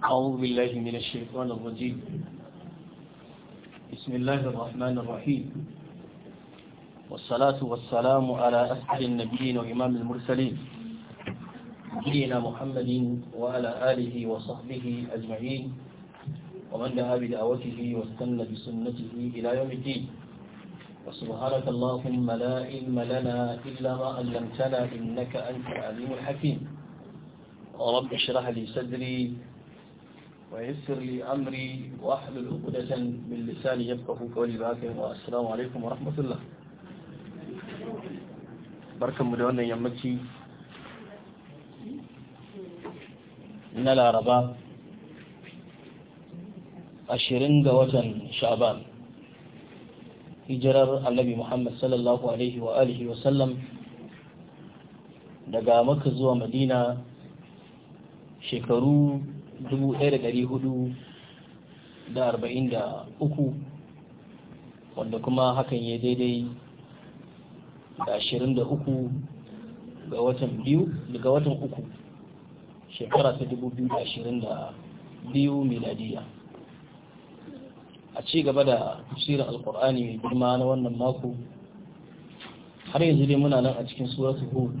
أعوذ بالله من الشيطان الرجيم بسم الله الرحمن الرحيم والصلاة والسلام على أسعد النبيين وإمام المرسلين سيدنا محمد وعلى آله وصحبه أجمعين ومن دعا بدعوته واستنى بسنته إلى يوم الدين وسبحانك اللهم لا علم لنا إلا ما علمتنا إنك أنت العليم الحكيم رب اشرح لي صدري ويسر لي أمري وأحلل da من لساني يفقه قولي باكر والسلام عليكم ورحمة الله بركة مدونة يمتي من العرباء ashirin ga watan sha'ban hijirar annabi muhammad sallallahu daga maka zuwa madina shekaru ɗaya uku, wanda kuma hakan ya daidai da uku ga watan biyu daga watan uku shekara ta biyu miladiya a ci gaba da tafsirin alkur'ani mai girma na wannan mako har yanzu dai muna nan a cikin suratul hudu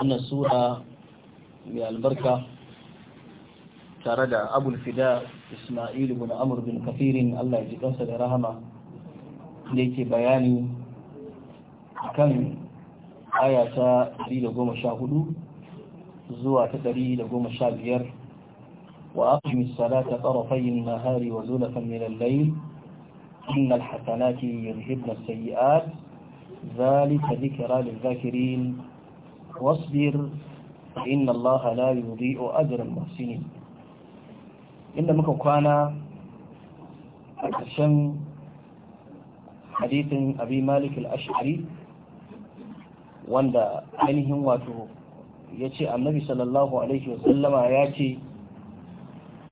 wannan sura mai albarka tare da abul fida ismail ibn amr bin kafirin Allah ya ji kansa da rahama da yake bayani kan aya ta 114 zuwa ta 115 wa aqimi salata tarafay an-nahar wa zulfan min al-layl إن الحسنات يذهبن السيئات ذلك ذكرى للذاكرين واصبر إن الله لا يضيء أجر المحسنين inda muka kwana a ƙarshen hadisin abi malik al-ashari wanda ainihin wato ya ce annabi sallallahu alaihi wasallama ya ce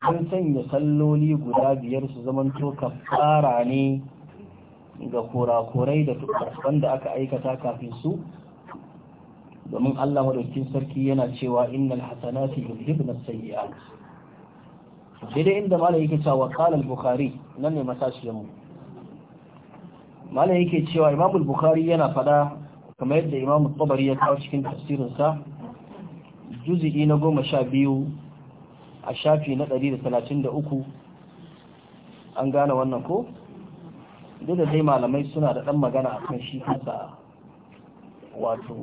an sanya salloli guda biyar su zamanto kafara ne ga kurakurai da tukarfan da aka aikata kafin su domin Allah maɗaukin sarki yana cewa innal hasanati yuzhibna sayyi'at daidai inda malam yake cewa qala al-bukhari nan ne masashiyan mu malam yake cewa imam al-bukhari yana fada kamar yadda imamu tabari ya kawo cikin tafsirin sa juz'i na 12 a shafi na 133 an gane wannan ko duk da dai malamai suna da ɗan magana akan shi kansa wato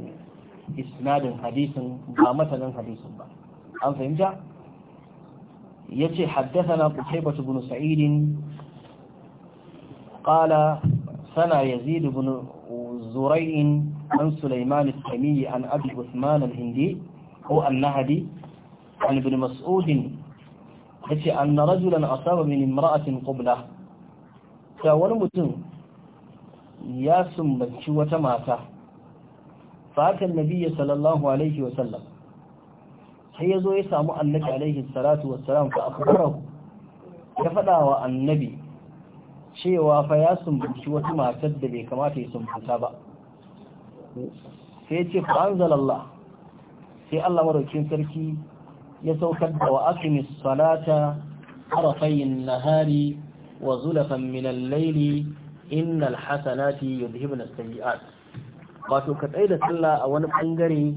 isnadin hadisin ba matanin hadisin ba an fahimta يتي حدثنا قتيبة بن سعيد قال سنى يزيد بن زريع عن سليمان التمي عن أبي عثمان الهندي هو النهدي عن ابن مسعود yace anna rajulan asaba min imra'atin qubla ta wani mutum ya sumbanci wata mata fatan nabiyyi sallallahu alaihi sai ya zo ya samu annabi alaihi salatu wassalam fa akhbarahu ya faɗa wa annabi cewa fa ya sumbuci wata matar da bai kamata ya sumbuta ba sai ya ce fa anzalallah sai Allah maraukin sarki ya saukar da wa aqimis salata arafayn nahari wa zulafan min al-layli innal hasanati yudhibna as-sayyi'at wato ka tsaye da sallah a wani bangare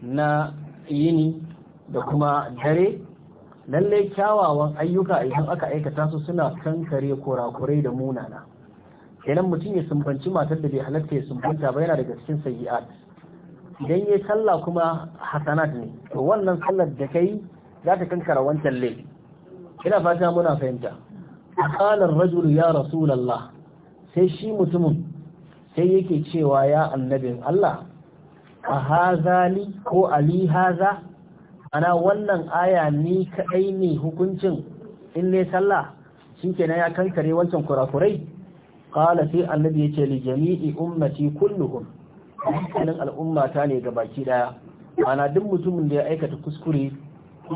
na yini da kuma dare lallai kyawawan ayyuka idan aka aikata su suna kankare kurakurai da munana kenan mutum ya sumbanci matar da bai halatta ya sumbanta ba yana daga cikin sayyi'at idan ya sallah kuma hasanat ne to wannan sallar da kai za ta kankara wancan laifi ina fata muna fahimta qala ar-rajulu ya rasulullah sai shi mutumin sai yake cewa ya annabin Allah a hazali ko ali haza ana wannan aya ni kaɗai ne hukuncin in ne sallah shi ke ya kankare wancan kurakurai Ƙala sai annabi ce li jami'i ummati kulluhum dukkanin al'umma ta ne ga baki daya ana duk mutumin da ya aikata kuskure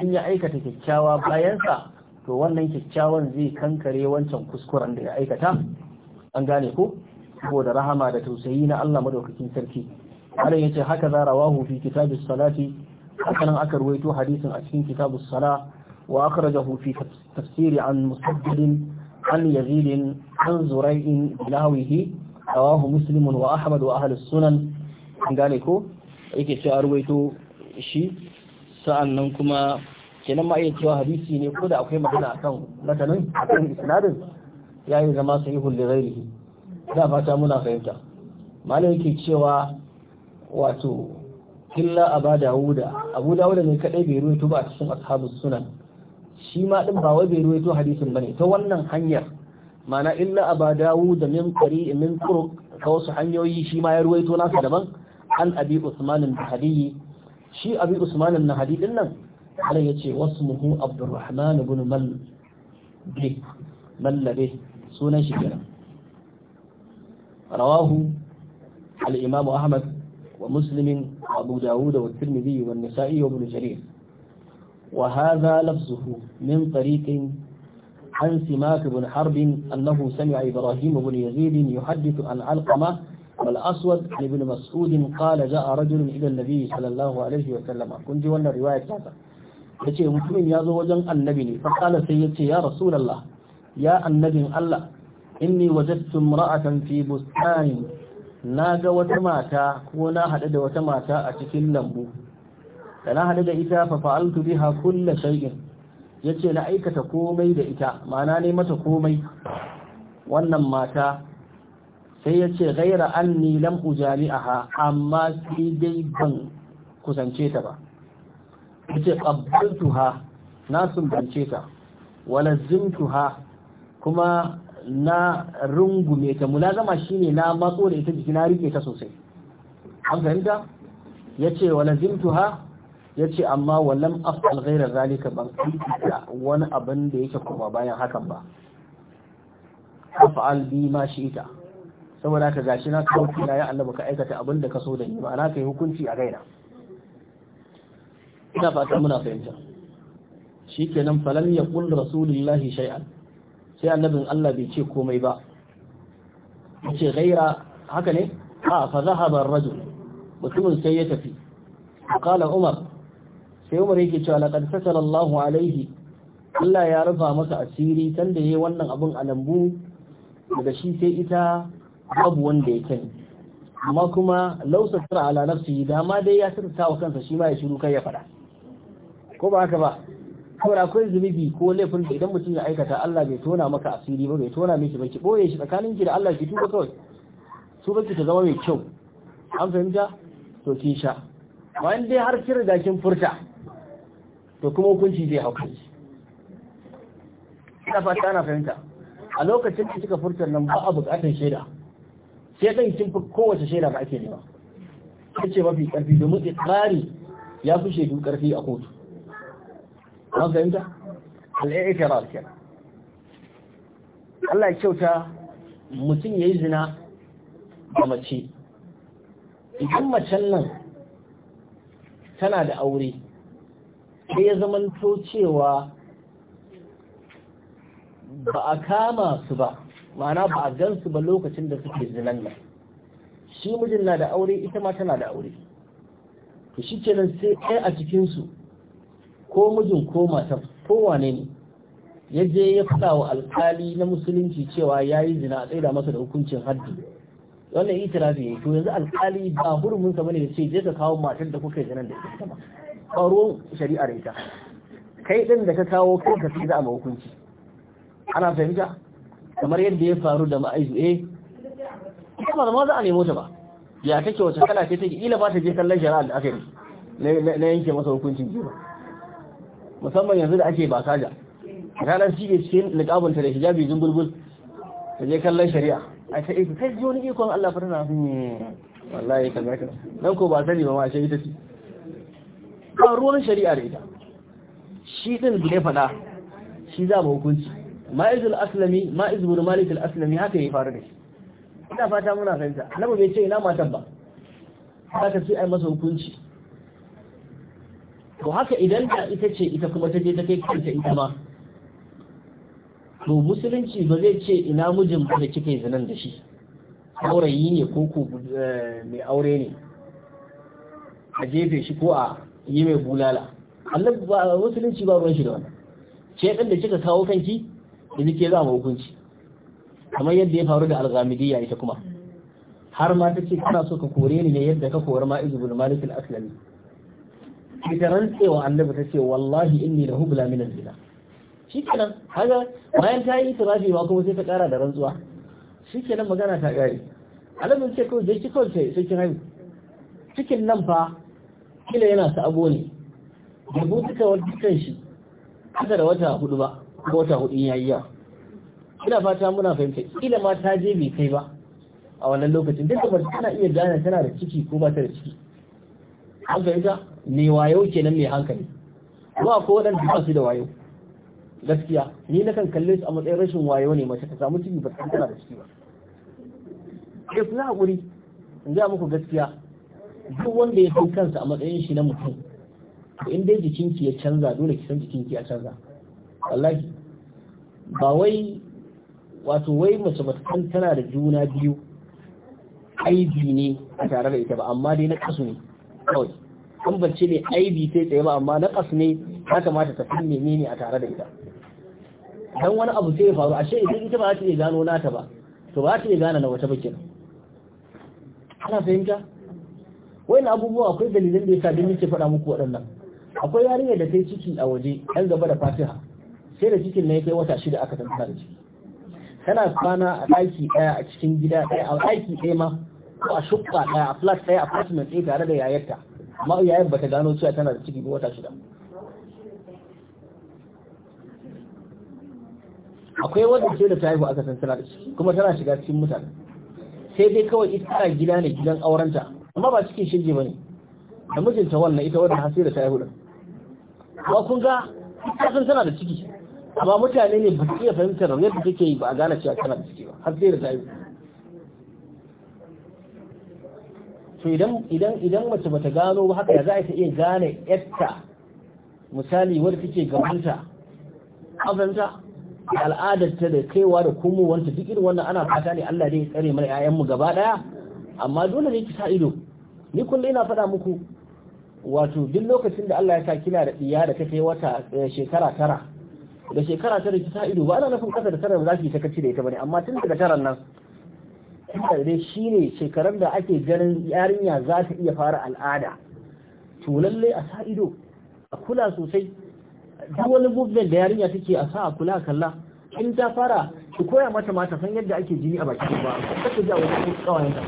in ya aikata kyakkyawa bayansa to wannan kyakkyawan zai kankare wancan kuskuren da ya aikata an gane ko saboda rahama da tausayi na Allah madaukakin sarki ya ce haka za rawahu fi kitabis salati nan aka ruwaito hadisin a cikin kitabu sala wa akhrajahu hufi tafsiri an musaddid an yazid an zurai'in bilawihi rawahu wa Ahmadu wa ahlus sunan an gane ko yake a ruwaito shi sa'annan kuma kenan ma iya cewa hadisi ne ko da akwai magana akan matanin akan isnadin yi zama sahihul li ghairihi a fata muna fahimta malai yake cewa wato illa aba dawuda abu dawuda ne kadai bai ruwaito ba a cikin ashabus sunan shi ma din ba wai bai ruwaito hadisin bane ta wannan hanyar mana illa aba dawuda min qari min turuq ka wasu hanyoyi shi ma ya ruwaito nasa daban an abi usman bin hadi shi abi usman bin hadi din nan Allah ya ce wasmuhu abdurrahman ibn mallabe mallabe sunan shi kenan rawahu al-imam ahmad ومسلم وأبو داود والترمذي والنسائي وابن جرير وهذا لفظه من طريق عن سماك بن حرب أنه سمع إبراهيم بن يزيد يحدث عن علقمة والأسود عن ابن مسعود قال جاء رجل إلى النبي صلى الله عليه وسلم كنت وانا رواية كذا yace mutumin ya zo wajen annabi ne fakala sai yace ya rasulullah ya annabin Allah inni wajadtu imra'atan fi bustanin na ga wata mata ko na haɗu da wata mata a cikin lambu da na haɗu da ita fa fa'altu biha kullu shay'in yace na aikata komai da ita ma'ana ne mata komai wannan mata sai yace ghaira anni lam ujali'aha amma sai dai ban kusance ta ba yace qabbaltuha na sumbance ta wala zimtuha kuma na rungume ta mulazama shine na matso da ita jiki na rike ta sosai an fahimta yace wala zimtuha yace amma wallam afal ghaira zalika ban kanta wani abin da yake kuma bayan hakan ba afal bi ma ta, saboda ka gashi na kawo ya Allah baka aikata abin da ka so da ni ba na kai hukunci a gaina ina fata muna fahimta shikenan falal yaqul rasulullahi shay'an sai annabin Allah bai ce komai ba ce gaira haka ne a fa zahaba rajul mutumin sai ya tafi kala umar sai umar yake cewa laqad sallallahu alaihi Allah ya rufa masa asiri tanda yayi wannan abun alambu daga shi sai ita babu wanda ya kani amma kuma lausa sura ala nafsi da dai ya sirta wa kansa shi ma ya shiru kai ya fada ko ba haka ba saboda akwai zunubi ko laifin da idan mutum ya aikata Allah bai tona maka asiri ba bai tona miki ba ki boye shi tsakanin ki da Allah ki tuba kawai su baki ta zama mai kyau an fahimta to kin sha wani dai har kin riga kin furta to kuma hukunci zai hauka ina fata ana fahimta a lokacin da kika furta nan ba a bukatar shaida sai dan kin fi kowace shaida da ake nema kace mafi karfi domin ikrari ya fi shaidu karfi a kotu an fahimta al'i'tirar kenan Allah ya kyauta mutum yayi zina da mace idan macen nan tana da aure sai ya zamanto cewa ba a kama su ba ma'ana ba a gan su ba lokacin da suke zinan nan shi mijin na da aure ita ma tana da aure to shi kenan sai ɗaya a cikinsu ko mijin ko matan ko wane ne ya je ya faɗa wa alkali na musulunci cewa ya yi zina a tsaida masa da hukuncin haddi wannan tirafi ne to yanzu alkali ba hurumin sa bane ya ce je ka kawo matar da kuka yi zinan da ita ba tsaro shari'ar ita kai din da ka kawo kai ka fi za a hukunci ana fahimta kamar yadda ya faru da ma'aizu eh kuma da ma za a nemo ta ba ya take wace kala ce take ila ba ta je kallon shari'a da aka yi na yanke masa hukuncin jiwa musamman yanzu da ake Da ranar shi ne cikin liƙabunta da hijabi zumbulbul ta je kallon shari'a a ta iko kai ji wani ikon Allah farna wallahi ka zaka dan ko ba sani ba ma shi ita ce ba ruwan shari'a da ita shi din da ya fada shi za mu hukunci ma'iz al-aslami ma'iz bin malik al-aslami haka ya faru da shi ina fata muna fahimta annabi bai ce ina matan ba haka sai ai masa hukunci to haka idan da ita ce ita kuma ta je ta kai kanta ita ma to musulunci ba zai ce ina mijin ba da kike zinan da shi aurayi ne ko ku eh, mai aure ne a jefe shi ko a yi mai bulala Allah ba musulunci ba ruwan shi da wannan ce da kika kawo kanki da ke za mu hukunci kamar yadda ya faru da alghamidiyya ita kuma har ma ta ce kana so ka kore ni ne yadda ka kori ma izbul malik al-aslami ta rantsewa annabi ta ce wallahi inni da hubla min al-zina shikenan haka bayan ta yi itirafi ma kuma sai ta kara da rantsuwa shikenan magana ta gari alamin ce kawai jeki kawai sai sai kin haihu cikin nan fa kila yana abu ne da butuka wajen shi kada da wata hudu ba ko wata hudu yayi ina fata muna fahimta kila ma ta je bai kai ba a wannan lokacin duk da tana iya gane tana da ciki ko ba ta da ciki haka fahimta mai wayo kenan mai hankali Ba ko waɗanda ba su da wayo gaskiya ni na kan kalle su a matsayin rashin wayo ne mace ta samu ciki ba ta tana da ciki ba ke eh, kuna hakuri in ga muku gaskiya duk wanda ya fi kansa a matsayin shi na mutum in dai jikinki ya canza dole ki san jikinki ya canza wallahi ba wai wato wai mace ba tana da juna biyu aibi ne a tare da ita ba amma dai na kasu ne kawai an ne aibi sai tsaye ba amma naƙas ne ya kamata ta san menene a tare da ita dan wani abu sai ya faru ashe idan ita ba za ta gano nata ba to ba ta gano na wata bakin ana fahimta wani abubuwa akwai dalilin da yasa don ce faɗa muku waɗannan akwai yarinyar da ta yi ciki a waje ɗan gaba da fatiha sai da cikin na ya kai wata shida aka tantara da ciki tana kwana a ɗaki ɗaya a cikin gida ɗaya a ɗaki ɗaya ma ko a shukka ɗaya a flat ɗaya apartment ɗaya tare da yayarta amma yayar bata gano cewa tana da ciki wata shida akwai wanda ce da ta haihu aka san tana da ciki kuma tana shiga cikin mutane sai dai kawai ita tana gida ne gidan aurenta amma ba cikin shirje ba ne da mijinta wannan ita wadda hasi da ta haihu din amma kun ga ita sun tana da ciki amma mutane ne ba su iya fahimtar yadda take yi ba a gane cewa tana da ciki ba har sai da ta to idan idan mace bata gano ba haka za ta iya gane yatta misali wanda take gabanta abanta al'adar ta da kaiwa da komowanta duk irin wannan ana fata ne Allah dai ya tsare mana ƴaƴan mu gaba daya amma dole ne ki sa ido ni kullu ina faɗa muku wato duk lokacin da Allah ya sa kina da iya da kake wata eh, shekara tara da shekara tara ki sa ido ba ana nufin kasa da tara ba za ki kace da ita bane amma tun daga taran nan tunda dai ne shekarar da ake ganin yarinya za ta iya fara al'ada to lalle a sa ido a kula sosai duk wani movement da yarinya take a sa a kula kalla in ta fara ki koya mata mata san yadda ake jini a bakin ba kace ji a wani kawayen ta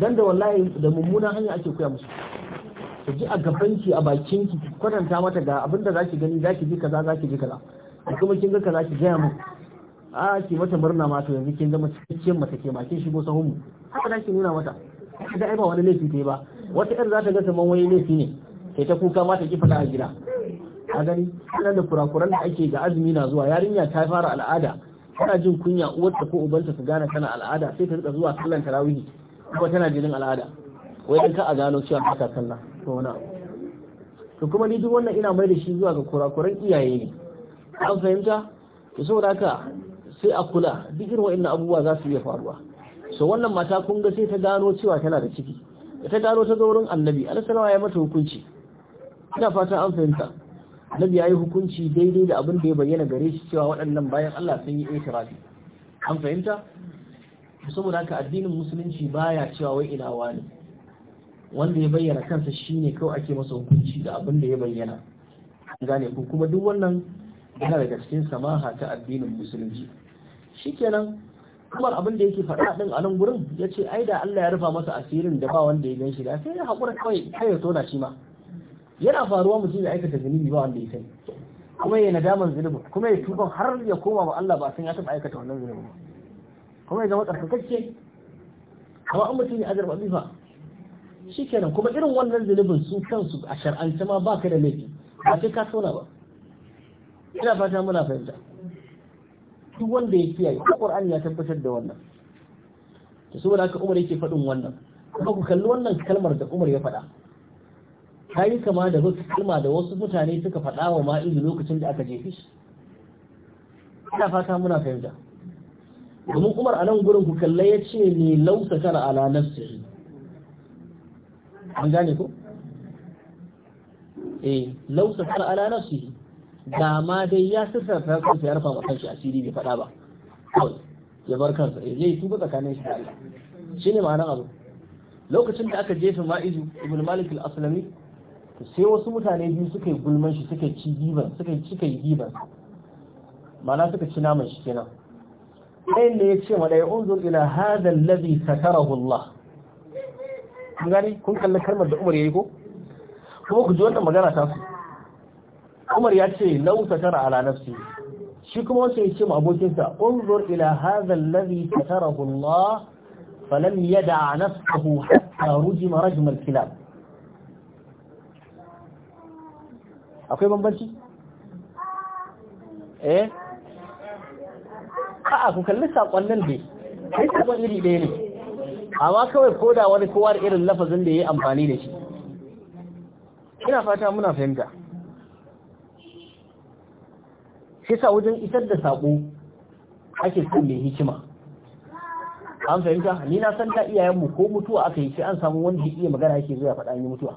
dan da wallahi da mummunan hanya ake koya musu ki ji a gaban ki a bakin ki kwatanta mata ga abin da zaki gani zaki ji kaza zaki ji kaza kuma kin ga kaza ki gaya mu a ki mata murna ma to yanzu kin zama cikakken mata ke ma kin shigo sahun mu haka da ke nuna mata haka da ai ba wani laifi ba wata yar za ta ga saman wani laifi ne sai ta kuka mata ki fada a gida a gani sanar da kurakuran da ake ga azumi na zuwa yarinya ta fara al'ada tana jin kunya uwarta ko ubanta su gane tana al'ada sai ta rika zuwa sallan tarawihi kuma tana jinin al'ada wai dan ka a gano cewa ta sallah to wani to kuma ni duk wannan ina mai da shi zuwa ga kurakuran iyaye ne an fahimta to saboda haka sai a kula duk irin wa'annan abubuwa za su iya faruwa so wannan mata kun ga sai ta gano cewa tana da ciki ta gano ta zaurin annabi alaihi ya mata hukunci ina fatan an fahimta annabi ya yi hukunci daidai da abin da ya bayyana gare shi cewa waɗannan bayan Allah sun yi itirafi an fahimta Musamman haka addinin musulunci baya cewa wai ina wani wanda ya bayyana kansa shine kawai ake masa hukunci da abin da ya bayyana gane ku kuma duk wannan yana daga cikin samaha ta addinin musulunci shikenan kamar abin da yake faɗa din a nan gurin ya ce ai da Allah ya rufa masa asirin da ba wanda ya gan shi da sai ya haƙura kawai kai ya tona shi ma yana faruwa mutum ya aikata zunubi ba wanda ya sani kuma ya nadaman zunubi kuma ya tuban har ya koma ba Allah ba san ya taɓa aikata wannan zunubi ba kuma ya zama tsarkakacce kuma an mutum ya azarba bifa shikenan kuma irin wannan zunubin su kansu a shar'ance ma baka da laifi ba sai ka tona ba ina fata muna fahimta duk wanda ya kiyaye ko Qur'ani ya tabbatar da wannan to saboda haka Umar yake faɗin wannan kuma ku kalli wannan kalmar da Umar ya faɗa ta yi kama da wasu kalma da wasu mutane suka faɗa wa ma'izu lokacin da aka jefi shi ina fata muna fahimta domin Umar a nan gurin ku kalle ya ce ne lausa tara ala nafsi an gane ko eh lausa tara ala nafsi da ma dai ya sirrata kansa ya rufa kanshi asiri bai faɗa ba kawai ya bar kansa ya yi tuba tsakanin shi da Allah shine ma'anar abu lokacin da aka jefa ma'izu ibn malik al-aslami sai wasu mutane biyu suka yi gulman shi suka ci giban suka ci kai giban mana suka ci naman shi kenan ɗayan ne ya ce ma ɗaya unzur ila hadha alladhi satarahu Allah kun gani kun kalli kalmar da Umar yayi ko kuma ku ji wannan magana ta su Umar ya ce lau satara ala nafsi shi kuma wasu ya ce ma abokinsa unzur ila hadha alladhi satarahu Allah falam yada nafsahu hatta rujima rajm al-kilab akwai bambanci eh a'a ku kalli sakonnin dai kai sakon iri ɗaya ne amma kawai koda wani kowa da irin lafazin da yayi amfani da shi ina fata muna fahimta shi sa wajen isar da sako ake son mai hikima an fahimta ni na san iyayen iyayenmu ko mutuwa aka yi sai an samu wanda ya iya magana yake zuwa faɗa ni mutuwa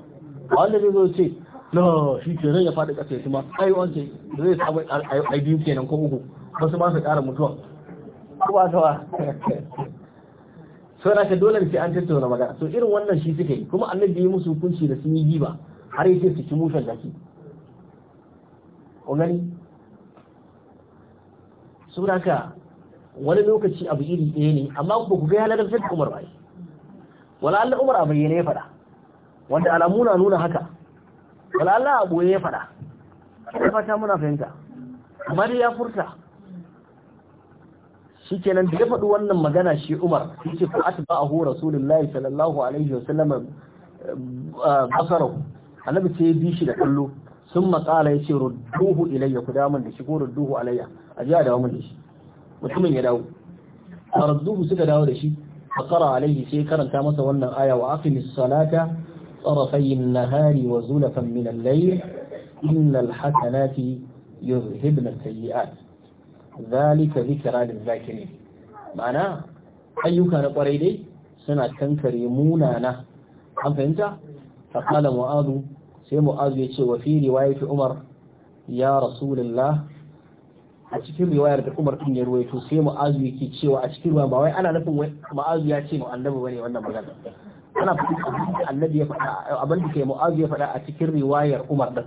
a wanda zai zo ce no shi ke ya faɗi ƙasa kuma ai wance zai samu ai biyu kenan ko uku ba su ba su ƙara mutuwa ko ba ta so sau ka dole sai an tattauna magana so irin wannan shi suke yi kuma annabi ya musu hukunci da sun yi giba har yake su ci mushen jaki ko gani suraka wani lokaci abu iri ɗaya ne amma ba ku ga ya ladar sai umar bai wala Allah umar a bayyane ya faɗa wanda alamu na nuna haka wala Allah a ɓoye ya faɗa ina fata muna fahimta amma dai ya furta shikenan da ya faɗi wannan magana shi umar shi ce ku atba'ahu rasulullahi sallallahu alaihi wasallam eh, basarahu annabi sai ya bi shi da kallo sun matsala ya ce rudduhu ilayya ku damun da shigo rudduhu alayya aje a dawo mai shi mutumin ya dawo farzuhu suka dawo da shi fa qara alayhi sai karanta masa wannan aya wa aqimis salata tarafay an-nahari wa zulfan min al-layl innal hasanati yuzhibna as-sayyi'at zalika dhikra ma'ana ayyuka na kwarai dai suna kankare munana an fahimta fa qala mu'adhu sai ya ce wa fi riwayati umar ya rasulullah a cikin riwayar da Umar din ya ruwaito sai Mu'azu yake cewa a cikin ruwa ba wai ana nufin wai Mu'azu ya ce mu annabi bane wannan magana ana faɗi annabi ya faɗa abin da ke Mu'azu ya faɗa a cikin riwayar Umar din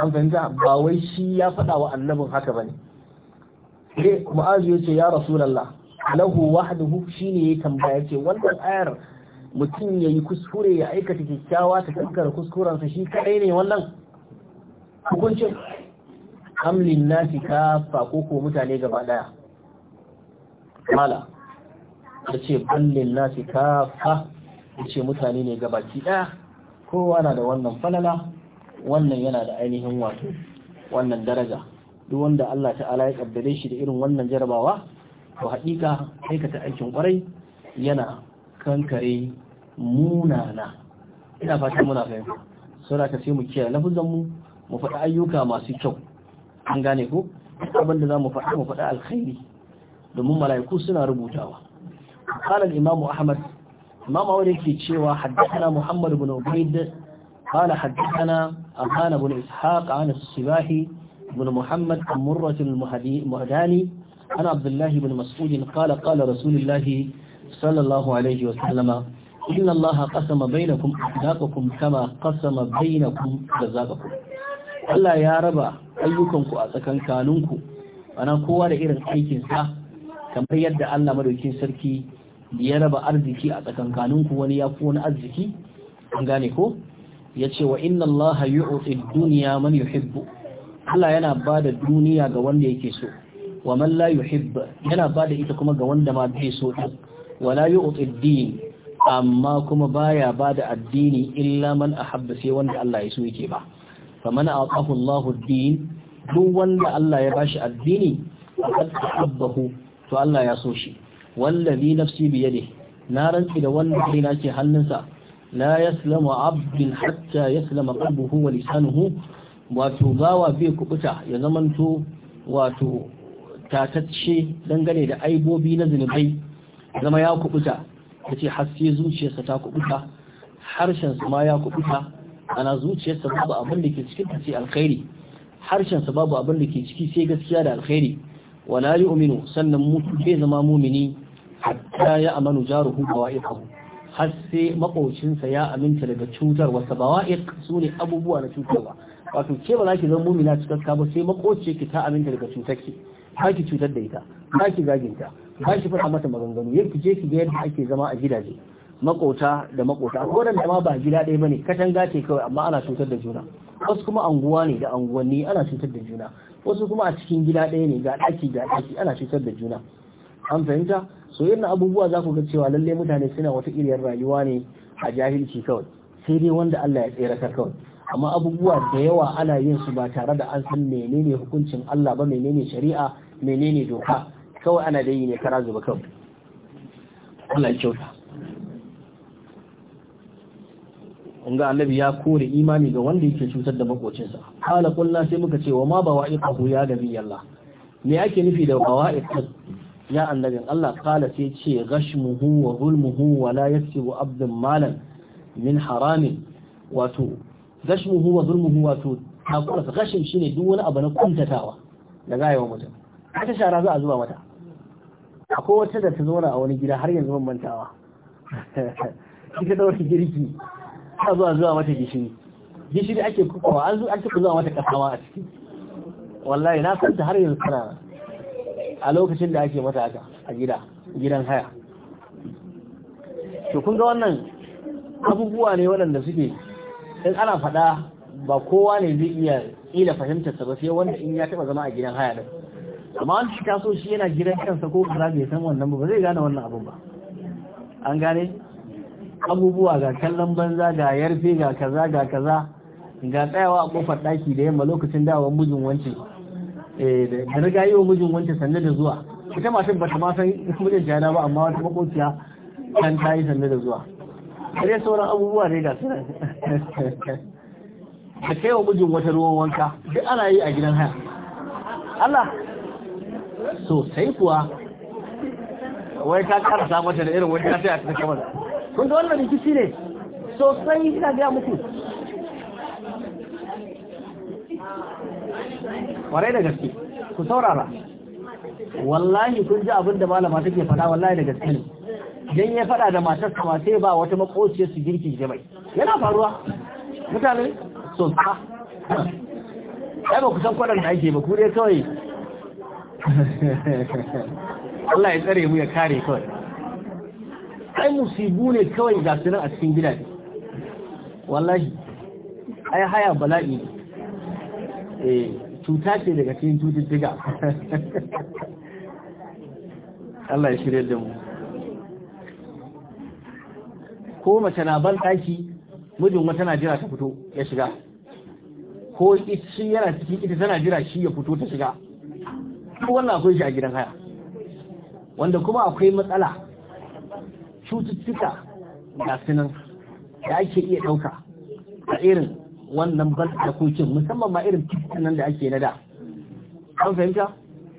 an fahimta ba wai shi ya faɗa wa annabin haka bane sai Mu'azu ya ce ya Rasulullah lahu wahdahu shine ya tambaya ce wannan ayar mutum ya yi kuskure ya aikata kyakkyawa ta kankara kuskurensa shi kadai ne wannan hukuncin hamlin nasi kafa ko ko mutane gaba daya mala ta ce nasi kafa ta ce mutane ne gaba ki daya kowa na da wannan falala wannan yana da ainihin wato wannan daraja duk wanda Allah ta'ala ya kaddare shi da irin wannan jarabawa to haƙiƙa aikata aikin kwarai yana kankare munana ina fatan muna fahimta saboda ka sai mu kiyaye lafuzan mu mu faɗi ayyuka masu kyau an gane ko abin da za mu faɗa mu faɗa alkhairi domin mala'iku suna rubutawa قال الإمام أحمد إمام أوليك تشيوى حدثنا محمد بن عبيد قال حدثنا أخان بن إسحاق عن الصباحي بن محمد عن مرة المهداني عن عبد الله بن مسعود قال قال رسول الله صلى الله عليه وسلم إن الله قسم بينكم أخلاقكم كما قسم بينكم رزاقكم Allah ya raba ayyukanku a tsakankaninku ana kowa da irin aikinsa kamar yadda Allah madaukin sarki ya raba arziki a tsakankaninku wani ya fi wani arziki an gane ko ya ce wa inna Allah yu'ti duniya man yuhibbu Allah yana ba da duniya ga wanda yake so wa man la yuhibb yana ba da ita kuma ga wanda ma bai so din wala yu'ti din amma kuma baya ba da addini illa man ahabba sai wanda Allah ya so yake ba faman aqahu Allahu din duk wanda Allah ya bashi addini faqad ahabbahu to Allah ya so shi wallazi nafsi bi ne na rantsi da wanda kai na ke hannunsa la yaslamu abdin hatta silama qalbuhu wa lisanuhu wato bawa bai kubuta ya zamanto wato tatacce dangane da aibobi na zunubai zama ya kubuta yace haske zuciyarsa ta kubuta harshen ma ya kubuta ana zuciyarsa babu abin da ke cikin ta sai alkhairi harshensa babu abin da ke ciki sai gaskiya da alkhairi wala yu'minu sannan mutu bai zama mumini hatta ya amanu jaruhu bawa'iqahu har sai makocinsa ya aminta daga cutar wasa bawa'iq sune abubuwa na cutarwa wato ke ba za ki zama mumina cikakka ba sai makociyar ki ta aminta daga cutar ki ba ki cutar da ita ba ki zaginta ba ki faɗa mata maganganu yadda je ki ga yadda ake zama a gidaje makota da makota waɗanda ma ba gida ɗaya bane katanga ce kawai amma ana cutar da juna wasu kuma anguwa ne da anguwanni ana cutar da juna wasu kuma a cikin gida ɗaya ne ga ɗaki ga ɗaki ana cutar da juna an fahimta so abubuwa za ku ga cewa lalle mutane suna wata iriyar rayuwa ne a jahilci kawai sai dai wanda Allah ya tsere ka kawai amma abubuwa da yawa ana yin su ba tare da an san menene hukuncin Allah ba menene shari'a menene doka kawai ana da yi ne kara zuba kawai Allah ya kyauta kun ga annabi ya kore imani ga wanda yake cutar da makocinsa hala kullu sai muka ce wa ma bawa'iqahu ya nabi Allah me ake nufi da bawa'iq ya annabin Allah kala sai ce ghashmuhu wa zulmuhu wa la yasibu abdan malan min haramin wato ghashmuhu wa zulmuhu wato hakura gashin shine duk wani abu na kuntatawa da za a yi wa mutum shara za a zuba mata akwai wata da ta zauna a wani gida har yanzu ban mantawa kika da wani girki ta zuwa zuwa mata gishiri gishiri ake kukawa an zuwa ake zuwa mata kasawa a ciki wallahi na san ta har yanzu tana a lokacin da ake mata haka a gida gidan haya to kun ga wannan abubuwa ne waɗanda suke in ana faɗa ba kowa ne zai iya ila fahimtar sa ba sai wanda in ya taɓa zama a gidan haya din amma an shi taso shi yana gidan kansa ko kaza bai san wannan ba zai gane wannan abun ba an gane abubuwa ga kallon banza ga yarfe ga kaza ga kaza ga tsayawa a kofar ɗaki da yamma lokacin dawa mijin wance eh, da riga yi wa mijin wance sanda da zuwa ita masu bata ma san mijin jana ba amma wata makociya kan ta yi sanda da zuwa kare sauran abubuwa ne ga sunan da kai wa mijin wata ruwan wanka duk ana yi a gidan haya Allah sosai kuwa wai ka karasa mata da irin wani ya sai a cikin kamar kun ga wannan rikici ne sosai ina gaya mutu kwarai da gaske ku saurara wallahi kun ji abinda malama take faɗa wallahi da gaske ne dan ya faɗa da matar sa sai ba wata makociya su girki da bai yana faruwa mutane so sa ai ba ku san kwadan da ake ba ku dai kawai Allah ya tsare mu ya kare kawai ai musibu ne kawai ga su a cikin gidaje wallahi ai haya bala'i eh cuta ce daga cikin cututtuka Allah ya shirya da mu ko mace na ban taki mijin wata na jira ta fito ya shiga ko shi yana cikin ita tana jira shi ya fito ta shiga wannan akwai shi a gidan haya wanda kuma akwai matsala cututtuka ga sunan da ake iya ɗauka a irin wannan da kucin musamman ma irin nan da ake na da an fahimta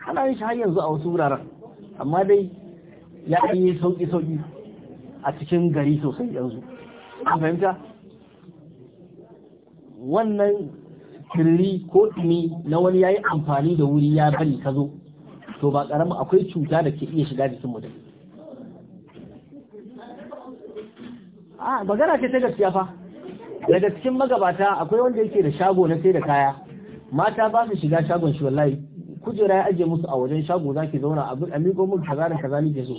ana yin shi har yanzu a wasu wuraren amma dai ya yi sauƙi-sauƙi a cikin gari sosai yanzu an fahimta wannan kirri ko ɗumi na wani ya yi amfani da wuri ya bari ka zo to ba ƙaramin akwai cuta da ke iya shiga jikin mutum a magana ce ta gaskiya fa daga cikin magabata akwai wanda yake da shago na sai da kaya mata ba su shiga shagon shi wallahi kujera ya aje musu a wajen shago zaki zauna a a miƙo min kaza da kaza nake so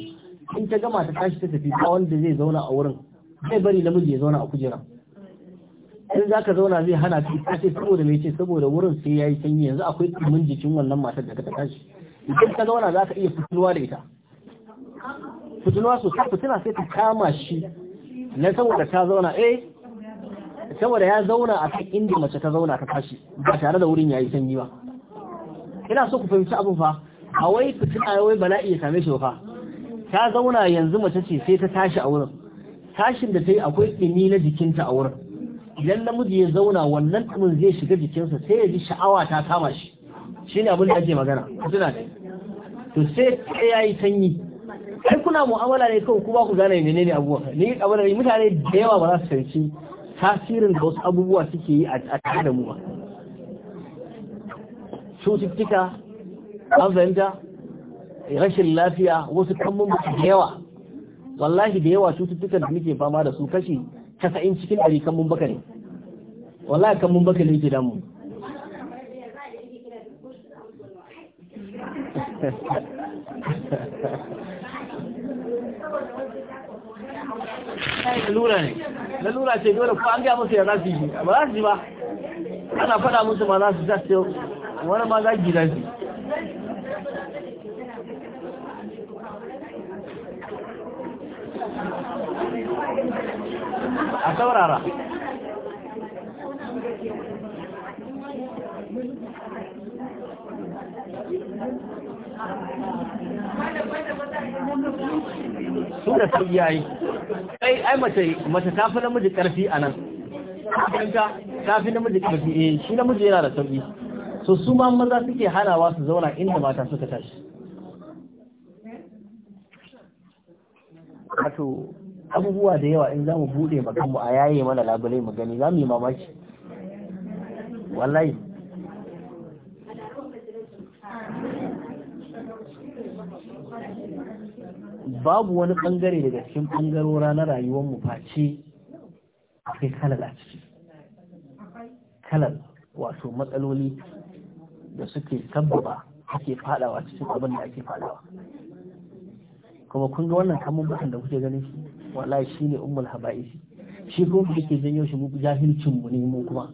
in ta gama ta tashi ta tafi ba wanda zai zauna a wurin zai bari namiji ya zauna a kujera in za ka zauna zai hana ki ta ce saboda mai ce saboda wurin sai ya yi sanyi yanzu akwai tsimin jikin wannan matar da ka tashi idan ka zauna za ka iya fitinuwa da ita fitinuwa sosai fitina sai ta kama shi na saboda ta zauna eh saboda ya zauna a kan inda mace ta zauna ta tashi ba tare da wurin yayi sanyi ba ina so ku fahimci abin fa a wai fitina wai bala'i ya same shi fa ta zauna yanzu mace ce sai ta tashi a wurin tashin da ta yi akwai ɗumi na jikinta a wurin idan namiji ya zauna wannan ɗumin zai shiga jikinsa sai ya ji sha'awa ta kama shi shine abin da ake magana fitina ne to sai ya yi sanyi ai kuna mu'amala ne kawai kuma ku gane menene abubuwa ni abubuwa ne mutane da yawa ba za su fahimci tasirin da wasu abubuwa suke yi a tare da mu ba cututtuka an fahimta rashin lafiya wasu kammun da yawa wallahi da yawa cututtukan da muke fama da su kashi casa'in cikin ɗari kammun baka ne wallahi kammun baka ne ke damu Ha ha ha. lalura ne lalura ce dole ko an gaya musu ya yi ba za su ba ana faɗa musu ma za su za su wani ma za gida a saurara yayi ai ai mace mace ta fi namiji karfi a nan ta fi namiji karfi eh shi namiji yana da sauki so su ma maza suke hanawa su zauna inda mata suka tashi wato abubuwa da yawa in zamu mu bude mu a yaye mana labarai magani gani za yi mamaki wallahi babu wani ɓangare daga cikin bangarora na rayuwar mu face akwai kalal a ciki kalal wato matsaloli da suke sabbaba ake fadawa cikin abin da ake fadawa kuma kun ga wannan kamun bakan da kuke ganin shi wallahi shine ummul haba'isi shi kuma ke janyo shi mu jahilcin mu ne mu kuma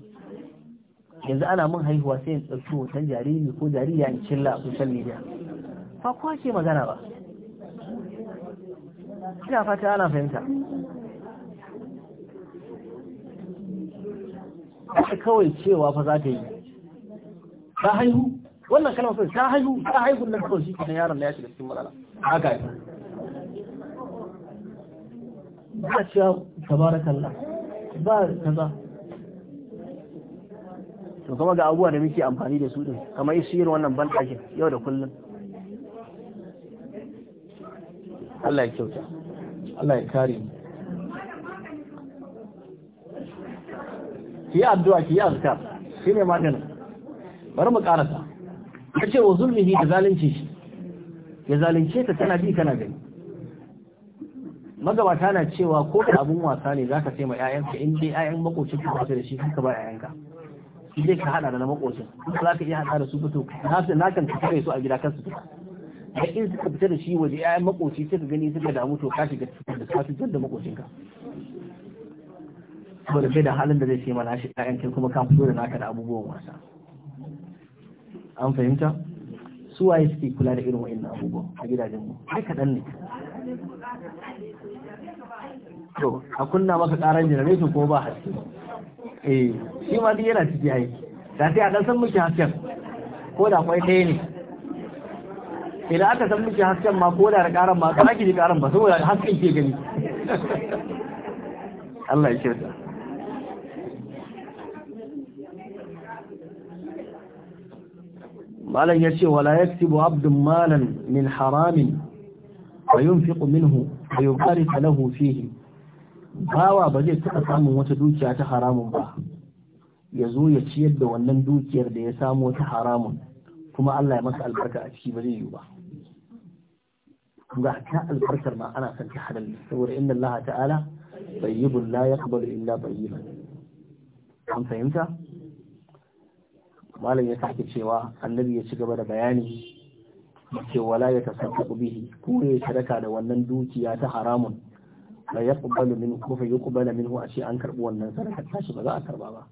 yanzu ana mun haihuwa sai in ɗauki hoton jariri ko ya in cilla a social media ba kowa ce magana ba ina fata ana fahimta ita kawai cewa fa za ta yi ta haihu wannan kalmar sai ta haihu ta haihu na kawai shi kenan yaron da ya shiga cikin matsala haka yi. ba cewa kalla ba za to kuma ga abubuwa da muke amfani da su din kamar shirin wannan banɗakin yau da kullum Allah ya kyauta Allah ya kare mu ki addu'a ki azkar shine maganin bari mu karasa kace wa zulmihi da zalunci shi ya zalunce ka kana bi kana gani magabata na cewa ko da abun wasa ne zaka sai ma 'ya'yanka in dai ƴaƴan makocin ka da shi kanka ba shi dai ka hada da na makocin za ka iya hada da su fito na kan ka kai su a gida kansu fito da in suka fita da shi waje ƴaƴan makoci suka gani suka damu to ka shiga cikin da ka fitar da ka. saboda bai da halin da zai ce mana shi ƴaƴan kai kuma ka fito da naka da abubuwan wasa an fahimta su waye suke kula da irin wa'annan abubuwan a gidajen mu ai kaɗan ne to a kunna maka ƙaran generation ko ba haske eh shi ma duk yana ciki ai da sai a ɗan san miki hasken ko da kwai ɗaya ne idan aka san miki hasken ma ko da karan ma kana ki karan ba saboda hasken ke gani Allah ya kyauta ya ce wala yaktibu abdun malan min haramin wa yunfiqu minhu wa yuqarif lahu fihi bawa ba zai taɓa samun wata dukiya ta haramun ba ya zo ya ciyar da wannan dukiyar da ya samu ta haramun kuma Allah ya masa albarka a ciki ba zai yi ba ga ta albarkar ma ana son ta halal saboda inna Allah ta'ala tayyibun la yaqbalu illa tayyiban an fahimta malam ya sake cewa annabi ya ci gaba da bayani ce wala ya tasaddaqu bihi ko ya sadaka da wannan dukiya ta haramun la yaqbalu min ko fa yuqbala minhu a ce an karbi wannan sadaka tashi ba za a karba ba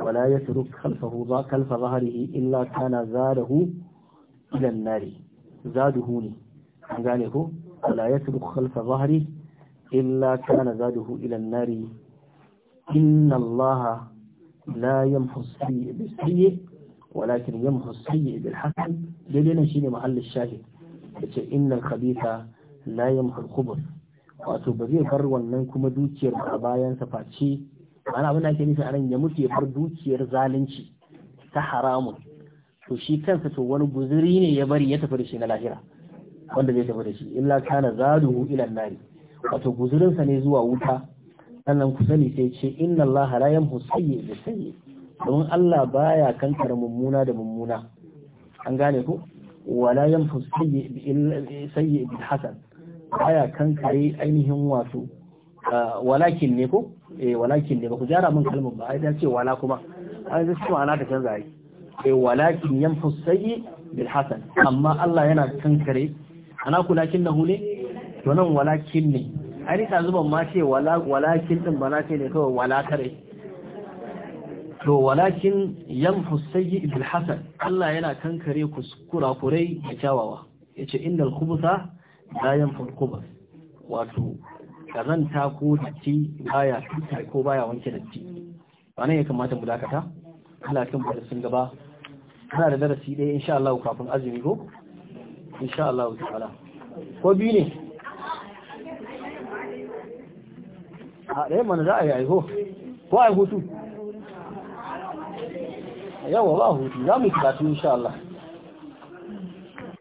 wala yatruk khalfahu za kalfa zahrihi illa kana zadahu ila an-nari zaduhu ne an gane ko wala yasru khalfa zahri illa kana zaduhu ila an-nari inna allaha la yamhu bi sayyi walakin yamhu sayyi bil hasan dai nan shine mahallin shahid yace innal khabitha la yamhu al-khubuth wato ba zai bar wannan kuma dukiyar a bayan sa face ana abin da ake nufi a ya mutu ya bar dukiyar zalunci ta haramun to shi kansa to wani guzuri ne ya bari ya tafi da shi na lahira wanda zai tafi da shi illa kana zaduhu ila nari wato sa ne zuwa wuta sannan ku sani sai ce inna Allah la yamhu sayyi bi sayyi domin Allah baya kankar mummuna da mummuna an gane ko wala yamhu sayyi sayyi bi hasan baya kankare ainihin wato ah, walakin ne ko eh walakin ne ba ku jara min kalmar ba ai ce wala kuma an zai cewa ma'ana ta canza ai eh walakin yamhu sayyi bil hasan amma Allah yana kankare ana lakin na hune to nan walakin ne ai rika zuban ma ce walakin din ba na ce ne kawai walakare to walakin 'yan fusayi bil Hassan, Allah yana kankare kuskura kurai da kyawawa yace innal khubusa la yamhu al wato kazanta ko datti baya tuta ko baya wanke datti nan ya kamata mu dakata Allah kan bada sun gaba kana da darasi ɗaya insha Allah kafin azumi ko insha Allah ta'ala ko biyu ne a ɗaya mana za a yi aiho ko a yi hutu yawa ba hutu za mu yi insha Allah